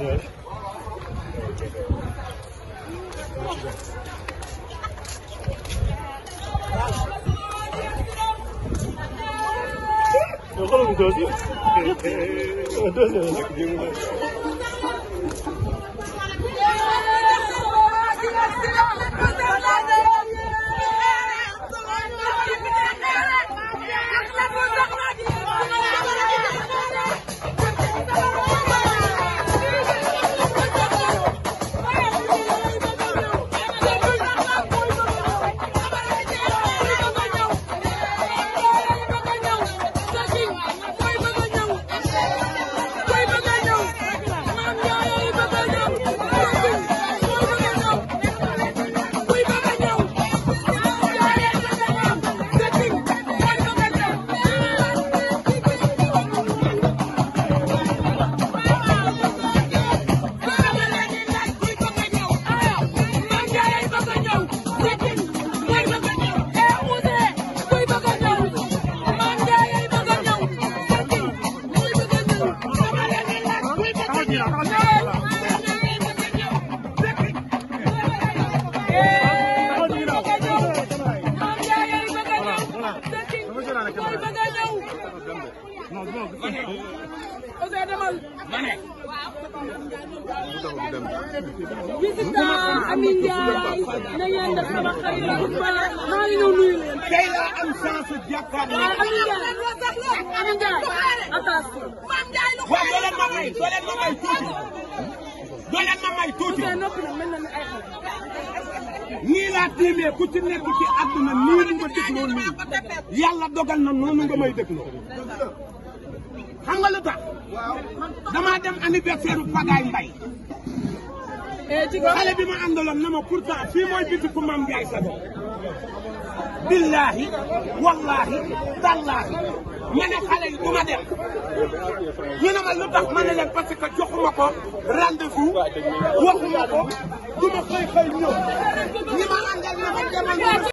Evet. Yok oğlum dövdü. Dövdü. Dövdü. ma ne. bisita Amin Ndiaye na ngeen def sama xarit la maa ngi ñëw nuyu leen. tey laa am chance jàkkaarloo. waaw Amin Ndiaye Amin Ndiaye. waaw doo leen ma may doo leen ma may tuuti. doo leen ma may tuuti ku ci nekk ci àdduna nii nga dégloo nii yàlla dogal na noonu nga may dégloo xam nga lu tax dem anniversaire u Pagaye Eh, ci ko xale bi ma àndaloon ne ma pourtant fii mooy bitiku Mame Ndiaye Sago billaahi wallaahi tallaahi ma ne xale yi du ma dem ñu ne ma lu ma que joxuma ko rendez-vous waxuma ko du ma xëy xëy ñëw ñi ma àndal ne ma demal